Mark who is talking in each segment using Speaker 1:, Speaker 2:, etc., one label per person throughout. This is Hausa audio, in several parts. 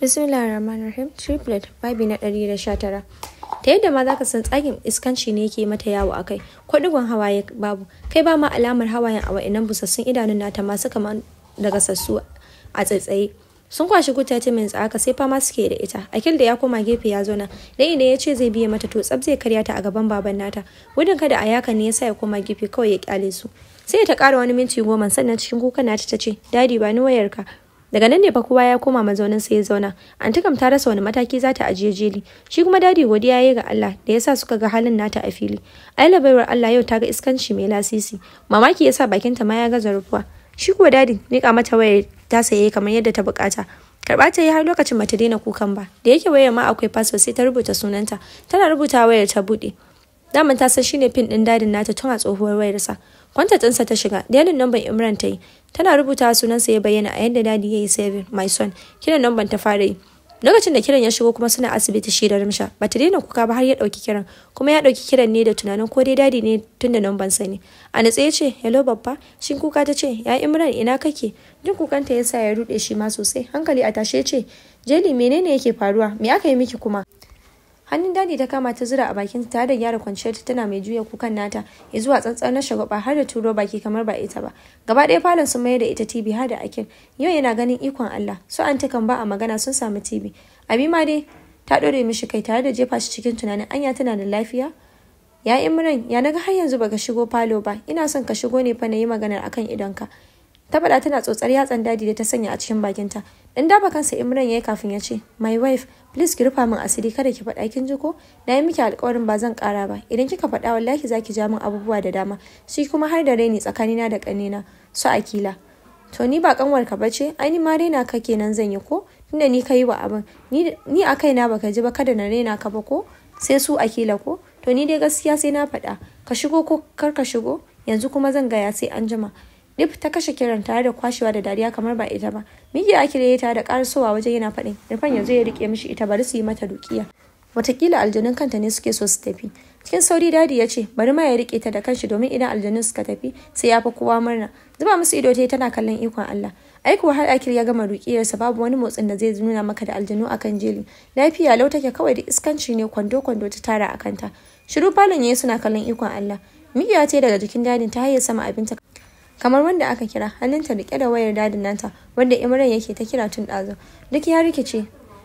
Speaker 1: ar-Rahim triplet babi na da sha ɗari tara. ta yadda ma zaka san tsagin iskanci ne yake mata yawo a kai kwadugon hawaye babu kai ba ma alamar hawayen a wa'inan busassun idanun nata masu kama daga sassu a tsaitsaye sun kwashi guta ta min tsaka sai fama suke da ita akil da ya koma gefe ya zo na. dan idan ya ce zai biya mata to tsab zai karya ta a gaban baban nata gudun kada a yaka ne ya sa ya koma gefe kawai ya kyale su sai ta kara wani minti goma sannan cikin kuka nata ta ce dadi ba ni wayarka daga nan ne fa kowa ya koma mazaunin sai ya zauna antikam ta rasa wani mataki za ta ajiye jeli shi kuma dadi godiya ya yi ga Allah da yasa suka ga halin nata a fili aila baiwar Allah yau ta ga iskanci mai lasisi mamaki yasa bakin ta ma ya gaza rufuwa shi kuwa dadi mika mata wayar ta saye kamar yadda ta bukata karba ta yi har lokacin bata daina kukan ba da yake wayar ma akwai faso sai ta rubuta sunanta tana rubuta wayar ta bude daman ta san shine pin din dadin nata tun a tsohuwar wayarsa Kwanta ɗinsa ta shiga, dalilin namban Imran ta yi. Tana rubuta sunansa ya bayyana a yadda dadi ya yi saving, my son. Kiran namban ta fara yi. Lokacin da kiran ya shigo kuma suna asibiti shi da Rimsha, ba ta daina kuka ba har ya ɗauki kiran, kuma ya ɗauki kiran ne da tunanin ko dai dadi ne tun da namban sa ne. A natsa ya ce, "Hello babba." Shin kuka ta ce, "Ya Imran ina kake?" duk kukanta ya sa ya ruɗe shi ma sosai, hankali a tashe ya ce, "Jeli menene yake faruwa? Me aka yi miki kuma?" hannun dadi ta kama ta zura a bakin ta da gyara kwanciyar ta tana mai juya kukan nata ya zuwa tsantsar na shagwaba har da turo baki kamar ba ita ba gaba ɗaya falon sun mayar da ita tv har da akin yau yana ganin ikon allah su an takan ba a magana sun samu tv abi ma dai ta ɗore mishi kai tare da jefa shi cikin tunanin anya tana da lafiya ya imran ya naga har yanzu baka shigo falo ba ina son ka shigo ne fa na yi maganar akan idonka ta faɗa tana tsotsar yatsan dadi da ta sanya a cikin bakinta dan daba kansa imran yayi kafin ya ce my wife please ki rufa min asiri kada ki faɗa kin ji ko na yi miki alƙawarin ba zan ƙara ba idan kika faɗa wallahi zaki ja min abubuwa da dama shi kuma har da raini tsakanina da ƙanina su akila to ni ba kanwar ka bace ai ni ma raina ka kenan zan yi ko tunda ni ka wa abin ni a kaina baka ji ba kada na raina ka ba ko sai su akila ko to ni dai gaskiya sai na faɗa ka shigo ko kar ka shigo yanzu kuma zan gaya sai an jima Dip ta kashe kiran tare da kwashewa da dariya kamar ba ita ba. Miji ya kire tare da karasowa wajen yana faɗin. Irfan yanzu ya rike mishi ita bari su yi mata dukiya. Watakila aljanun kanta ne suke so su tafi. Cikin sauri dadi ya ce bari ma ya rike ta da kanshi domin idan aljanun suka tafi sai ya fi kowa murna. Zuba musu ido ta tana kallon ikon Allah. Aikuwa har akil ya gama sa babu wani motsin da zai nuna maka da aljanu akan jeli. Lafiya lau take kawai da iskanci ne kwando kwando ta tara akanta. Shiru falon yayi suna kallon ikon Allah. Miya ce daga jikin dadin ta haye sama abinta kamar wanda aka kira hannunta rike da wayar dadin nata wanda imran yake ta kira tun ɗazu duk ya rikice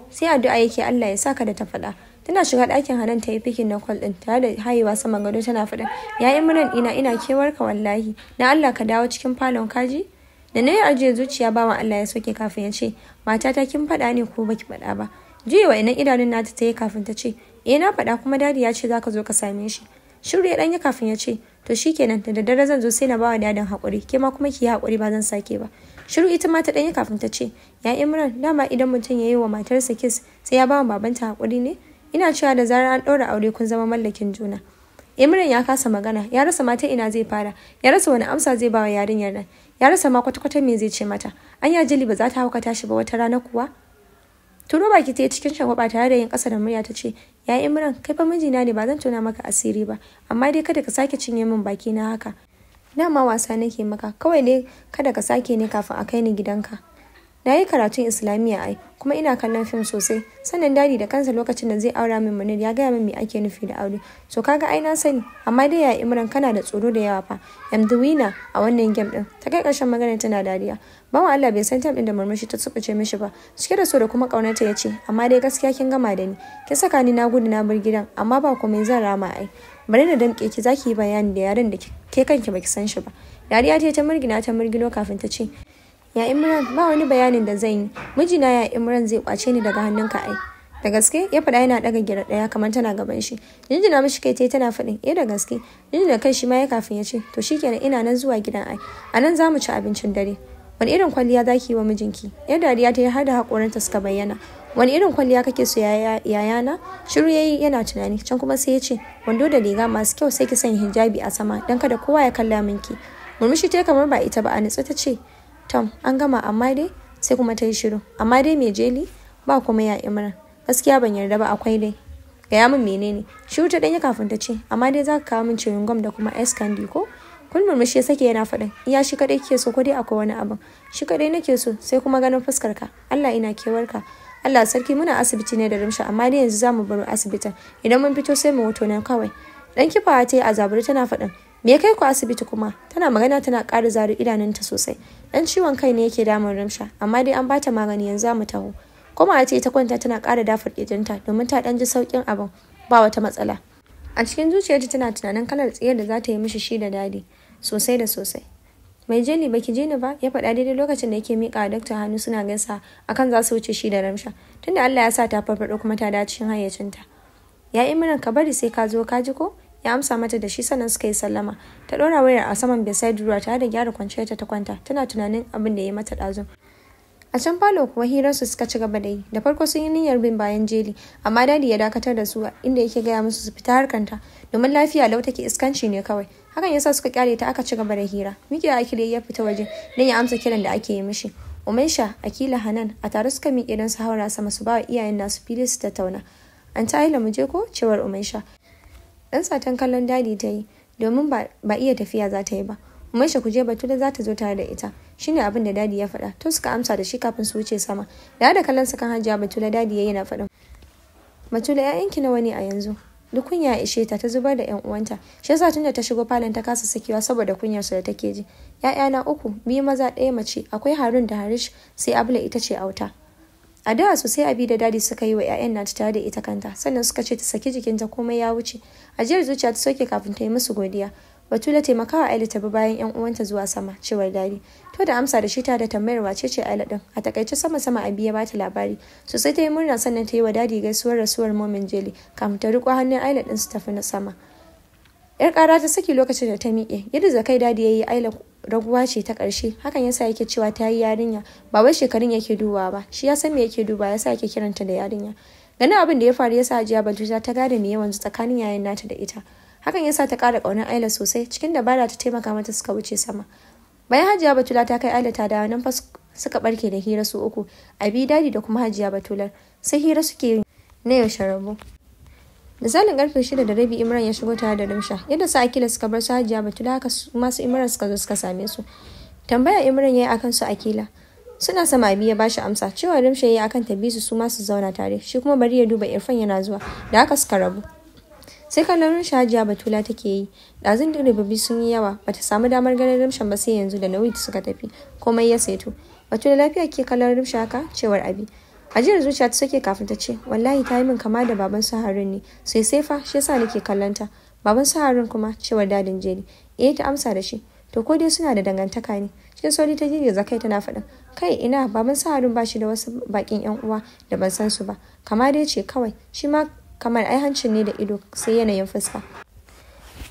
Speaker 1: sai addu'a yake allah ya saka da ta faɗa tana shiga ɗakin hannun ta yi fikin na kwal ɗin tare da hayewa saman gado tana faɗin ya imran ina ina kewar ka wallahi na allah ka dawo cikin falon kaji da na yi ajiye zuciya ba bawan allah ya soke kafin ya ce matata kin faɗa ne ko baki faɗa ba juyewa idan idanun nata ta yi kafin ta ce eh na faɗa kuma dadi ya ce zaka zo ka same shi shiru ya danyi kafin ya ce to shi kenan da daddare zan zo sai na bawa dadan hakuri ke ma kuma ki yi hakuri ba zan sake ba shiru ita ma ta danyi kafin ta ce ya imran dama idan mutum ya yi wa matarsa kiss sai ya bawa babanta hakuri ne ina cewa da zarar an ɗaura aure kun zama mallakin juna imran ya kasa magana ya rasa mata ina zai fara ya rasa wani amsa zai bawa yarinyar nan ya rasa ma kwata-kwata me zai ce mata anya jili ba za ta hauka tashi ba wata rana kuwa turo baki ta yi cikin shagwaba tare da yin ƙasa da murya ta ce ya imran kai fa mijina ne ba zan tona maka asiri ba amma dai kada ka sake cinye min baki na haka ma wasa nake maka kawai ne kada ka sake ne kafin a kai ni gidanka na yi karatun islamiyya ai kuma ina kallon fim sosai sannan dadi da kansa lokacin da zai aura min munir ya gaya min me ake nufi da aure so kaga ai na sani amma dai ya imran kana da tsoro da yawa fa am the winner a wannan game din ta kai karshen magana tana dariya bawan Allah bai san tam din da murmushi ta tsubuce mishi ba cike da so da kuma kaunarta yace amma dai gaskiya kin gama da ni kin saka ni na gudu na bar gidan amma ba komai zan rama ai bari na damke ki zaki yi bayani da yaren da ke kanki baki san shi ba dariya ce ta murgina ta murgino kafin ta ce ya imran ba wani bayanin da zan yi mijina ya imran zai kwace ni daga hannunka ai da gaske ya faɗa yana ɗaga gira ɗaya kamar tana gaban shi jinjina mishi kai tai tana faɗin eh da gaske jinjina kai shi ma ya kafin ya ce to shikenan ina nan zuwa gidan ai a nan za mu ci abincin dare wani irin kwalliya za ki yi wa mijinki yar dariya ta yi har da haƙoranta suka bayyana wani irin kwalliya kake so yayana shiru yayi yana tunani can kuma sai ya ce wando da riga masu kyau sai ki sanya hijabi a sama don kada kowa ya kalla minki murmushi ta kamar ba ita ba a nutsu ta tom an gama amma dai sai kuma ta yi shiru amma dai mai jeli ba kuma ya imra gaskiya ban yarda ba akwai dai gaya min menene shiru ta danyi kafin ta ce amma dai za ka kawo min cewin gwam da kuma ice candy ko kun murmushi sake yana faɗin iya shi kaɗai ke so ko dai akwai wani abin shi kaɗai nake so sai kuma ganin fuskar ka Allah ina kewarka Allah sarki muna asibiti ne da rumsha amma dai yanzu za mu bar asibitin idan mun fito sai mu wuto nan kawai ɗan kifawa ta yi a azaburi tana faɗin me ya kai ku asibiti kuma tana magana tana ƙara zaro idanunta sosai dan ciwon kai ne yake damun ramsha amma dai an bata magani yanzu mu taho kuma a ce ta kwanta tana ƙara dafa ƙirjinta domin ta ɗan ji sauƙin abin ba wata matsala a cikin zuciyarta tana tunanin kalar tsiyar da za ta yi mishi shi da dadi sosai da sosai mai jeni baki je ni ba ya faɗa daidai lokacin da yake miƙa dakta hannu suna gaisa akan za su wuce shi da ramsha tunda Allah ya sa ta farfaɗo kuma ta dace cikin hayyacinta ya yi ka bari sai ka zo ka ji ko ya amsa mata da shi sannan suka yi sallama ta ɗora wayar a saman beside ruwa tare da gyara kwanciyar ta kwanta tana tunanin abin da ya mata ɗazu a can falo kuwa hirarsu suka ci gaba da yi da farko sun yi niyyar bin bayan jeli amma dadi ya dakatar da su inda yake gaya musu su fita harkanta domin lafiya lau take iskanci ne kawai hakan yasa suka kyale ta aka ci gaba da hira mikiya akile ya fita waje don ya amsa kiran da ake yi mishi umaisha akila hanan a tare suka miƙe don su haura sama su ba wa iyayen nasu fili su tattauna an ta mu je ko cewar umaisha ɗan satan kallon dadi ta yi domin ba iya tafiya za ta yi ba maisha kuje batula za ta zo tare da ita shine abin da dadi ya faɗa to suka amsa da shi kafin su wuce sama da da kallon kan hajiya batula dadi yayi na faɗin batula ƴaƴanki nawa ne a yanzu duk kunya ya ishe ta ta zubar da 'yan uwanta shi yasa tunda ta shigo falon ta kasa sakewa saboda kunyar su da take ji 'Ya'yana uku biyu maza ɗaya mace akwai harun da harish sai abla ita ce auta a da sosai abi da dadi suka yi wa 'ya'yan nata tare da ita kanta sannan suka ce ta saki jikinta komai ya wuce ajiyar zuciya ta soke kafin ta yi musu godiya batula taimakawa aila ta bi bayan 'yan uwanta zuwa sama cewar dadi to da amsa da shi ta da tambayar wace ce aila din a takaice sama sama abi ya bata labari sosai ta yi murna sannan ta yi wa dadi gaisuwar rasuwar momin jeli kafin ta riko hannun aila din su tafi na sama yar kara ta saki lokacin da ta miƙe yadda za kai dadi yayi aila raguwa ce ta ƙarshe hakan yasa yake cewa ta yi yarinya ba wai shekarun yake dubawa ba shi ya san me yake duba yasa yake kiranta da yarinya ganin abin da ya faru yasa ajiya baljuta ta gane me yawan tsakanin yayin nata da ita hakan yasa ta ƙara ƙaunar aila sosai cikin dabara ta taimaka mata suka wuce sama bayan hajiya batula ta kai aila ta dawo nan fa suka barke da hira su uku abi dadi da kuma hajiya batular sai hira suke na yaushe rabo misalin karfe shida da rabi imran ya shigo tare da rimsha yadda su akila suka bar su hajiya da haka masu imran suka zo suka same su tambaya imran ya yi akan su akila suna sama abi ya bashi amsa cewa rimsha ya yi akan ta bisu su ma su zauna tare shi kuma bari ya duba irfan yana zuwa da haka suka rabu sai kallon rimsha hajiya batula take yi ɗazun rubabi sun yi yawa bata samu damar ganin rimshan ba sai yanzu da nauyi suka tafi komai ya saito da lafiya ke kallon rimsha haka cewar abi a ajiyar zuciya ta sake kafin ta ce wallahi ta yi min kama da baban su ne sai sai fa shi yasa nake kallonta baban su harin kuma cewa dadin jeri eh ta amsa da shi to ko dai suna da dangantaka ne cikin sauri ta girgiza zakai tana faɗin kai ina baban su ba shi da wasu bakin yan uwa da ban san su ba kama dai ce kawai shi ma kamar ai hancin ne da ido sai yanayin fuska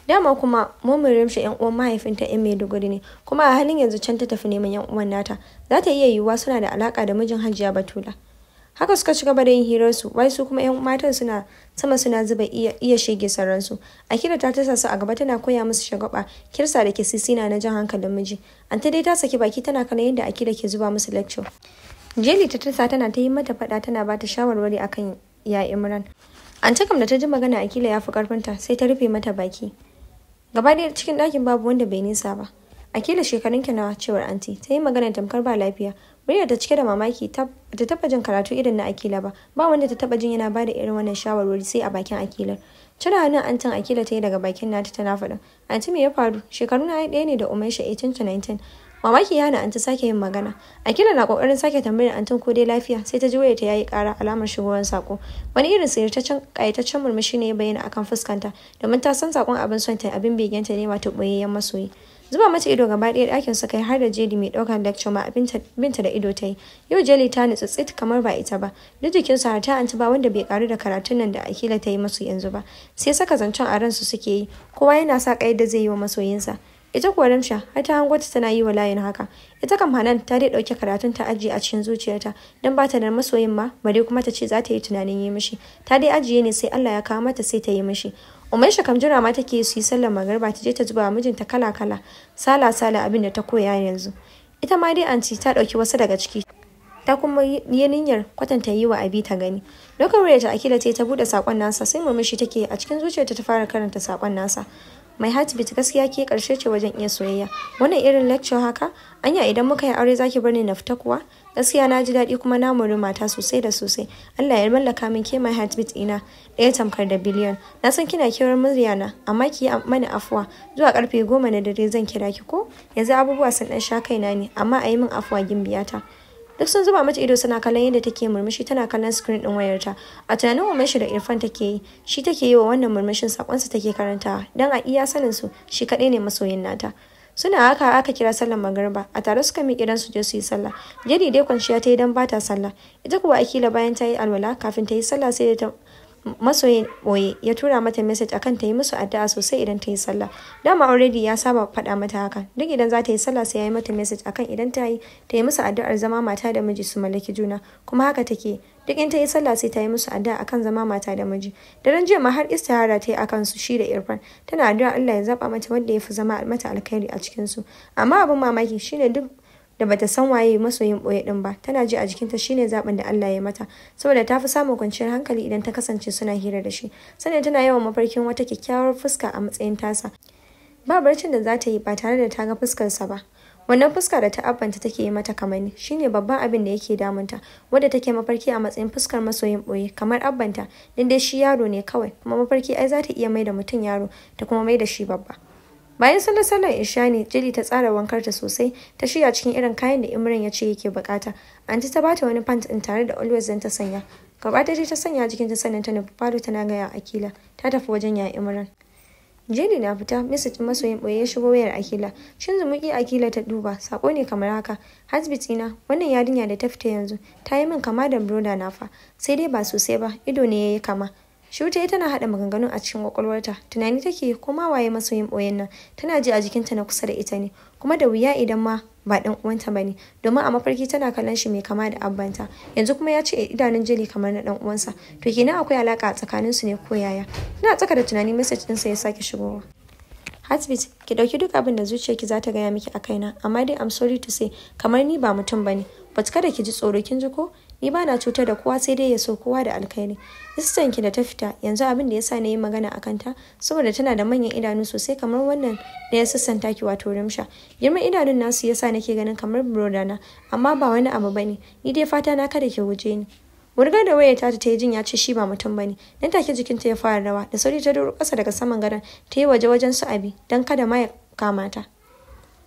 Speaker 1: dama kuma mun rimshi yan uwan mahaifinta yan maiduguri ne kuma a halin yanzu can ta tafi neman yan uwan nata za ta iya yiwuwa suna da alaka da mijin hajiya batula haka suka ci gaba da yin hirarsu wai su kuma yan matan suna sama suna zuba iya, iya shege sarransu akira ta tasa su a gaba tana koya musu shagaba kirsa da ke sisina na jan hankalin miji anta dai ta saki baki tana kana yadda akida ke zuba musu lecture jeli ta tasa tana ta yi mata fada tana ba ta shawarwari akan ya imran an kam da ta ji magana akila ya fi karfinta sai ta rufe mata baki gaba ɗaya cikin ɗakin babu wanda bai nisa ba akila shekarun ki nawa cewar anti ta yi magana tamkar ba lafiya Muryar ta cike da mamaki ta taba jin karatu irin na Akila ba, ba wanda ta taba jin yana ba da irin wannan shawarwari sai a bakin Akilar. Cire hannun antin Akila ta yi daga bakin nata tana faɗin. Anti me ya faru? Shekaru na ɗaya ne da Umaisha 18 19. Mamaki ya hana anti sake yin magana. Akila na kokarin sake tambayar antin ko dai lafiya sai ta ji ya yayi kara alamar shigowar sako. Wani irin sirtaccen kayataccen murmushi ne ya bayyana akan fuskanta domin ta san sakon abin son ta abin begenta ne wato ɓoyayyen masoyi. zuba mata ido gaba ɗaya ɗakin su kai har da jeli mai ɗaukar lecture ma binta da ido ta yi yau jeli ta nutsu tsit kamar ba ita ba duk jikin sa har ta anti ba wanda bai karu da karatun nan da akila ta yi masu yanzu ba sai saka zancen a ransu suke yi kowa yana sa ƙayar da zai yi wa masoyinsa ita kuwa ramsha har ta hangwata tana yi wa layin haka ita kam hanan ta dai ɗauki karatun ta ajiye a cikin zuciyarta don ba ta da masoyin ma bare kuma ta ce za ta yi tunanin yi mishi ta dai ajiye ne sai allah ya kawo mata sai ta yi mishi umaisha kam jira ma take su yi sallar magarba ta je ta zuba mijinta kala kala sala sala abin da ta koya yanzu ita ma dai anti ta dauki wasu daga ciki ta kuma yi niyyar kwatanta yi wa abi ta gani lokacin da ta akila ta ta bude sakon nasa sai mamishi take a cikin zuciyarta ta fara karanta sakon nasa mai heartbeat gaskiya ke karshe ce wajen iya soyayya wannan irin lecture haka anya idan muka yi aure zaki bar ni na fita kuwa gaskiya na ji daɗi kuma na muri mata sosai da sosai Allah ya mallaka min ke mai heartbeat ina ɗaya tamkar da biliyon na san kina kirar murya na amma ki yi mani afuwa zuwa karfe goma na dare zan kira ki ko yanzu abubuwa sun ɗan sha kaina ne amma a yi min afuwa gimbiya ta. duk sun zuba mata ido suna kallon yadda take murmushi tana kallon screen din wayarta a tunanin umar shi da irfan take yi shi take yi wa wannan murmushin sakonsa take karanta dan a iya sanin su shi kadai ne masoyin nata suna haka aka kira sallar magariba a tare suka miƙe dan su je su yi sallah jadi dai kwanciya ta yi dan bata sallah ita kuwa akila bayan ta yi alwala kafin ta yi sallah sai ta masoyin ɓoye ya tura mata message akan ta yi musu addu'a sosai idan ta yi sallah dama already ya saba faɗa mata haka duk idan za ta yi sallah sai ya yi mata message akan idan ta yi ta yi musu addu'ar zama mata da miji su mallaki juna kuma haka take duk in ta yi sallah sai ta yi musu addu'a akan zama mata da miji daren jiya ma har istihara ta yi akan su shi da irfan tana addu'a Allah ya zaba mata wanda ya fi zama mata alkhairi a cikin su amma abin mamaki shine duk da bata san waye masoyin boye din ba tana ji a jikinta shine zaben da Allah ya mata saboda ta fi samun kwanciyar hankali idan ta kasance suna hira da shi sanin tana yawan mafarkin wata kyakkyawar fuska a matsayin tasa ba barcin da za ta yi ba tare da ta ga fuskarsa ba wannan fuska da ta abanta take yi mata kamani shine babban abin da yake damunta wadda take mafarki a matsayin fuskar masoyin boye kamar abbanta dan dai shi yaro ne kawai kuma mafarki ai za ta iya mai da mutum yaro ta kuma mai da shi babba bayan sallar sallar ne, jeli ta tsara wankarta sosai ta shirya cikin irin kayan da imran ya ce yake bukata anti ta bata wani pant din tare da always zan ta sanya gaba ta ta sanya jikin ta sannan ta nufi falo tana gaya akila ta tafi wajen ya imran jeli na fita misajin masoyin ɓoye ya shigo wayar akila shin zumuki akila ta duba sako ne kamar haka hasbitina wannan yarinya da ta fita yanzu ta yi min kama da broda na fa sai dai ba sosai ba ido ne ya yi kama Shute tana haɗa maganganu a cikin kwakwalwarta, tunani take koma waye masoyin ɓoyen nan, tana ji a jikinta na kusa da ita ne, kuma da wuya idan ma ba ɗan uwanta ba ne, domin a mafarki tana kallon shi mai kama da abbanta, yanzu kuma ya ce idanun jeli kamar na dan uwansa, to kenan akwai alaka a su ne ko yaya. Tana tsaka da tunani message sa ya sake shigowa. Hatsbit, ki ɗauki duk abin da zuciyarki za ta gaya miki a na amma dai I'm sorry to say, kamar ni ba mutum bane. But kada ki ji tsoro kin ji ko? Ni ba na cutar da kowa sai dai ya so kowa da alkhairi. Sistan ki da ta fita yanzu abin da yasa na yi magana a kanta saboda tana da manyan idanu sosai kamar wannan da ya sassan taki wato rimsha. Girman idanun nasu yasa nake ganin kamar burodana amma ba wani abu bane ni dai fata na kada ke guje ni. Wurgar da wayar ta ta yi jin ya ce shi ba mutum bane. Nan take jikinta ya fara rawa da sauri ta duro kasa daga saman gadon ta yi waje wajen su abi don kada ma ya kama ta.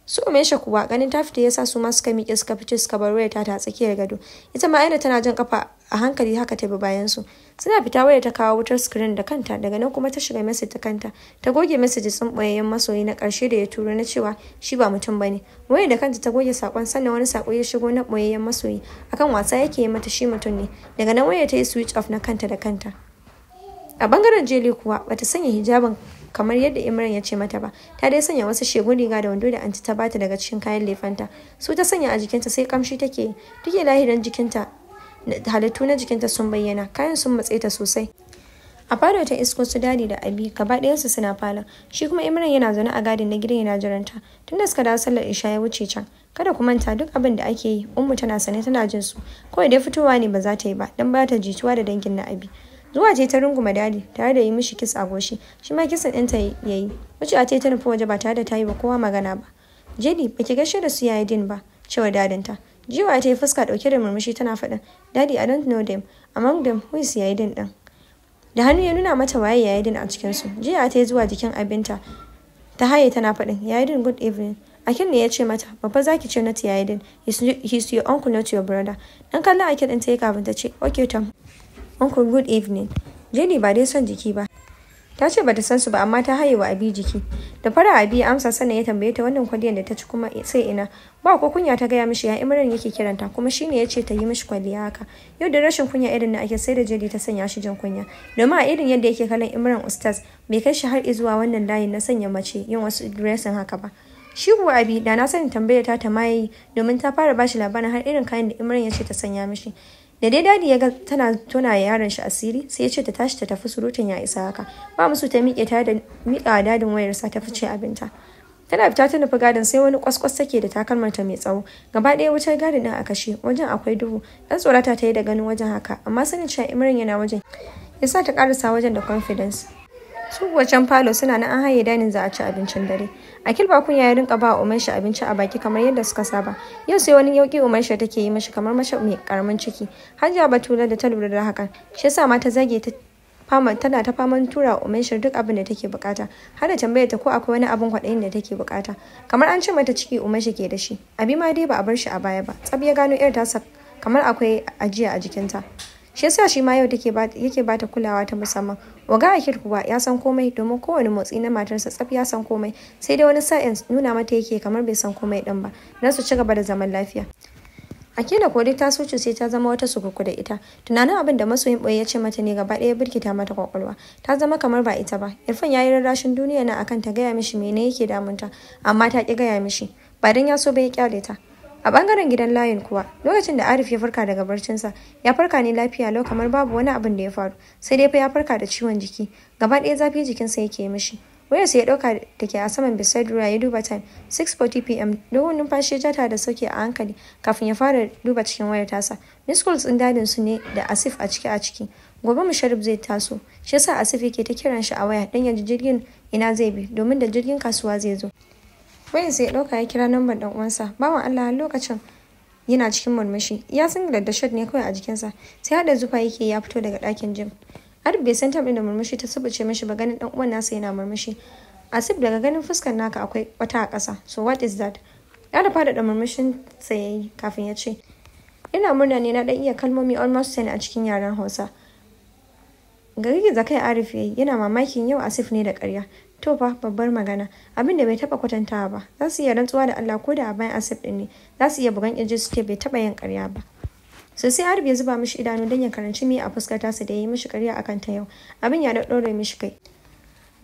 Speaker 1: su umesha kuwa ganin ta fita yasa su ma suka miƙe suka fice suka bar wayar ta a tsakiyar gado ita ma aina tana jin kafa a hankali haka ta bi bayan su suna fita waya ta kawo wutar screen da kanta daga nan kuma ta shiga message ta kanta ta goge message sun boyayyen masoyi na karshe da ya turo na cewa shi ba mutum bane waya da kanta ta goge sakon sannan wani sako ya shigo na boyayyen masoyi akan wasa yake yi mata shi mutum ne daga nan waya ta yi switch off na kanta da kanta a bangaren jeli kuwa bata sanya hijabin kamar yadda Imran ya ce mata ba ta dai sanya wasu shegun riga da wando da anti ta bata daga cikin kayan lefanta su ta sanya a jikinta sai kamshi take take lahirin jikinta halittu na jikinta sun bayyana kayan sun matse ta sosai a fado ta isko su dadi da abi gaba ɗayansu suna falon shi kuma imran yana zaune a gadin na gidan yana jiranta tun da suka dawo sallar isha ya wuce can kada ku manta duk abin da ake yi ummu tana sane tana jin su kawai dai fitowa ne ba za ta yi ba dan ba ta jituwa da dangin na abi zuwa ce ta runguma dadi tare da yi mishi kis a goshi shi ma kisan ɗinta ya yi wuce a ce ta nufi waje ba tare da ta yi ba kowa magana ba jeli ba ki gaishe da su yayi din ba cewa dadinta Jiwa ta yi fuska ɗauke da murmushi tana faɗin, Daddy, I don't know them. Among them, who is Yaidin ɗin? Da hannu ya nuna mata waye Yaidin a cikin su Jiya ta yi zuwa jikin abinta. Ta haye tana faɗin, Yaidin, good evening. Akin ne ya ce mata, babba zaki ce na ta Yaidin. He's your uncle, not your brother. Dan kallon Akin ɗin ta yi kafin ta ce, okay Tom, uncle, good evening. Jenny ba dai son jiki ba. ta ce bata san su ba amma ta haye wa abi jiki da fara abi amsa sannan ya tambaye ta wannan kwaliyar da ta ci kuma sai ina ba ko kunya ta gaya mishi ya imran yake kiranta kuma shine yace ta yi mishi kwaliya haka yau da rashin kunya irin na ake sai da jeli ta sanya shi jan kunya domin a irin yadda yake kallon imran ustaz bai kai shi har zuwa wannan layin na sanya mace yin wasu dressin haka ba shi kuwa abi da na sani tambayar ta ta maye domin ta fara bashi labarin har irin kayan da imran ya ce ta sanya mishi da dai dadi ya ga tana tona yaron shi asiri sai ya ce ta tashi ta tafi surutun ya isa haka ba musu ta miƙe ta da miƙa dadin wayarsa ta fice abinta tana fita ta nufi gadin sai wani kwaskwas take da ta mai tsawo gaba ɗaya wutar gadin din a kashe wajen akwai duhu ɗan tsorata ta yi da ganin wajen haka amma sanin cewa imirin yana wajen ya sa ta karasa wajen da confidence su wajen falo suna na an haye danin za a ci abincin dare a ba kunya ya rinka ba umaisha abinci a baki kamar yadda suka saba yau sai wani yauki umaisha take yi mashi kamar mashi mai karamin ciki hajiya batula da ta lura da hakan shi yasa ma ta zage ta fama tana ta faman tura umaishar duk abin da take bukata har da tambayar ta ko akwai wani abin kwaɗayin da take bukata kamar an ce mata ciki umaisha ke da shi abi ma dai ba a bar shi a baya ba tsab ya gano yar tasa kamar akwai ajiya a jikinta shi yasa shi ma yau yake bata kulawa ta musamman waga a kuwa ya san komai domin kowane motsi na matarsa tsaf ya san komai sai dai wani sa'in nuna mata yake kamar bai san komai din ba don su ci gaba da zaman lafiya Akila ko dai ta soce sai ta zama wata sukuku da ita. Tunanin abin da masoyin boye ya ce mata ne gaba ɗaya birkita mata kwakwalwa. Ta zama kamar ba ita ba. Irfan ya yi rarrashin duniya na akan ta gaya mishi mene yake damunta, amma ta ki gaya mishi. Ba dan ya so bai kyale ta. a bangaren gidan layin kuwa lokacin da arif ya farka daga barcinsa ya farka ne lafiya lau kamar babu wani abin da ya faru sai dai fa ya farka da ciwon jiki gaba ɗaya zafi jikinsa yake mishi wayarsa ya ɗauka da ke a saman bisadura ya duba time 6:40 pm dogon numfashi ya jata da sauke a hankali kafin ya fara duba cikin wayar tasa niskuls ɗin dadin su ne da asif a ciki a ciki gobe musharif zai taso shi yasa asif yake ta kiran shi a waya dan ya ji jirgin ina zai bi domin da jirgin kasuwa zai zo sai ya ɗauka ya kira namban dan uwansa. Bawan Allah lokacin yana cikin murmushi. Ya san da shot ne kawai a jikinsa. Sai haɗa zufa yake ya fito daga dakin jim. har bai san tabin da murmushi ta subuce mishi ba ganin dan uwan nasa yana murmushi. Asif daga ganin fuskar naka akwai wata a kasa. So what is that? Ya da faɗaɗa murmushin sa ya yi kafin ya ce. Ina murna ne na dan iya kalmomi almost ten a cikin yaren Hausa. Gari zakai Arif ya yi yana mamakin yau Asif ne da ƙarya. To fa babbar magana, abin da bai taba kwatantawa ba, za su iya rantsuwa da Allah ko da bayan asib din ne, za su iya bugan kirji su ce bai taba yin karya ba. So sai ya zuba mishi idanu don ya karanci me a fuskar tasa da ya yi mishi karya akan ta yau. Abin ya daɗaure mishi kai.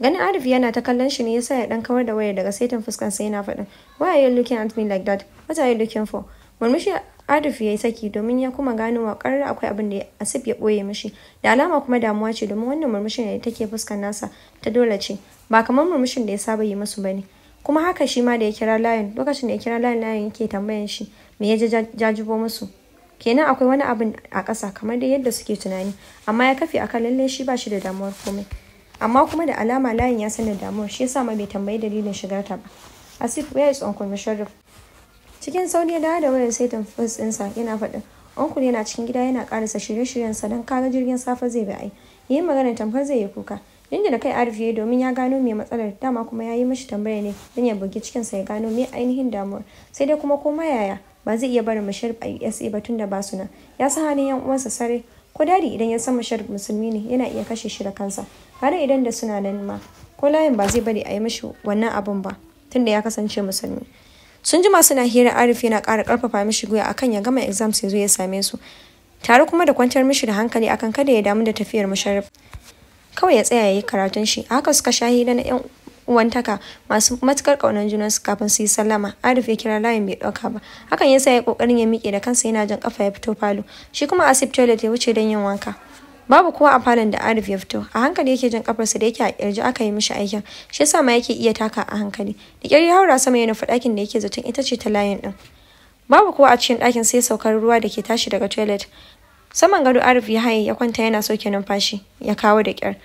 Speaker 1: Ganin Arif yana ta kallon shi ne yasa ya dan kawar da wayar daga saitin fuskansa yana faɗin, Why are you looking at me like that? What are you looking for? Murmushi Arif ya yi saki domin ya kuma gano wa ƙarar akwai abin da Asif ya ɓoye mishi. Da alama kuma damuwa ce domin wannan murmushin da take fuskan nasa ta dole ce. ba kamar murmushin da ya saba yi musu bane kuma haka shi ma da ya kira layin lokacin da ya kira layin layin yake tambayan shi me ya jajibo musu kenan akwai wani abin a ƙasa kamar da yadda suke tunani amma ya kafe akan lallai shi ba shi da damuwar komai amma kuma da alama layin ya san da damuwar shi yasa ma bai tambayi dalilin shigar ta ba asif where is uncle musharraf cikin sauri ya dawo da wayar sai tamfis ɗinsa yana faɗin uncle yana cikin gida yana ƙarasa shirye-shiryensa don kaga jirgin safe zai bi ai yi magana tamfar zai yi kuka Inda da kai Arif ya domin ya gano me matsalar dama kuma ya yi mashi tambaya ne don ya bugi cikin sa ya gano me ainihin damuwar. Sai dai kuma koma yaya ba zai iya barin Mashar a USA ba tun da ba suna. Ya san halin yan uwansa sare ko dadi idan ya san Mashar musulmi ne yana iya kashe shi da kansa. Har idan da suna nan ma ko layin ba zai bari a yi mashi wannan abun ba tunda ya kasance musulmi. Sun jima suna hira Arif yana ƙara ƙarfafa mishi guya akan ya gama exams ya zo ya same su. Tare kuma da kwantar mishi da hankali akan kada ya damu da tafiyar Musharraf. kawai ya tsaya ya yi karatun shi haka suka sha hira na 'yan uwantaka masu matukar kaunar junansu kafin su yi sallama arif ya kira layin bai dauka ba hakan yasa ya kokarin ya miƙe da kansa yana jan kafa ya fito falo shi kuma asif toilet ya wuce don yin wanka babu kowa a falon da arif ya fito a hankali yake jan kafarsa da yake a kirji aka yi mishi aikin shi yasa ma yake iya taka a hankali da kyar ya haura sama ya fadakin ɗakin da yake zaton ita ce ta layin din babu kowa a cikin ɗakin sai saukar ruwa da ke tashi daga toilet saman gado arif ya haye ya kwanta yana sauke numfashi ya kawo da kyar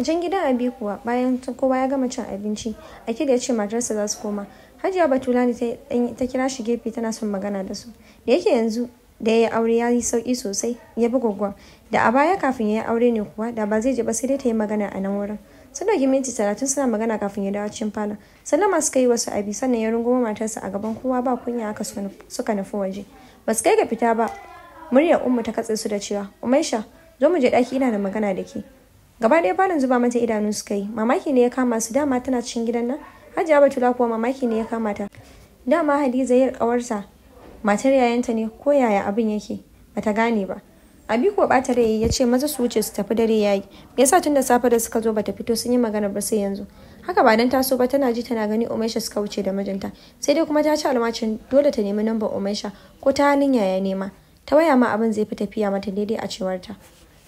Speaker 1: a can gidan abi kuwa bayan kowa ya gama cin abinci a ya ce matarsa za su koma hajiya batulani ta kira shi gefe tana son magana da su da yake yanzu da ya aure ya yi sauki sosai ya bi gwaggwa da a baya kafin ya yi aure ne kuwa da ba zai je ba sai dai ta yi magana a nan wurin sun ɗauki minti talatin suna magana kafin ya dawo cikin falon sallama suka yi wasu abi sannan ya rungumo matarsa a gaban kowa ba kunya aka suka nufi waje ba su kai ga fita ba muryar ummu ta katse su da cewa umaisha zo mu je ɗaki ina da magana da ke gaba ɗaya falon zuba mata idanu suka yi mamaki ne ya kama su dama tana cikin gidan nan hajiya batula kuwa mamaki ne ya kama ta dama hadiza yar ƙawarta matar yayanta ne ko yaya abin yake bata gane ba abi ko bata rai ya ce maza su wuce su tafi dare yayi me yasa tun da safe da suka zo bata fito sun yi magana ba sai yanzu haka ba dan taso ba tana ji tana gani umaisha suka wuce da mijinta sai dai kuma ta ci almacin dole ta nemi nambar umaisha ko ta halin yaya nema ta waya ma abin zai fi tafiya mata daidai a cewar cewarta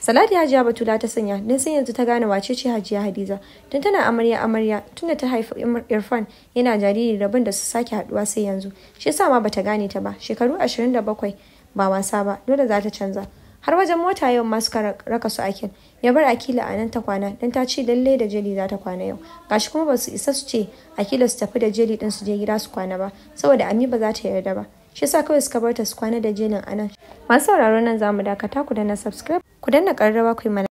Speaker 1: Saladi Hajiya Batula ta sanya don sun yanzu ta gane wace ce Hajiya Hadiza don tana amarya amarya da ta haifi Irfan yana jariri rabin da su sake haduwa sai yanzu shi yasa ma bata gane ta ba shekaru ashirin da bakwai ba wasa ba dole za ta canza har wajen mota yau ma suka raka su akin ya bar akila a nan ta kwana don ta ce lallai da jeli za ta kwana yau gashi kuma ba su isa su ce akila su tafi da jeli din su je gida su kwana ba saboda ami ba za ta yarda ba shi sa kawai suka bar ta su kwana da jinin anan masu sauraro nan za mu dakata ku danna subscribe ku danna karrawa ku yi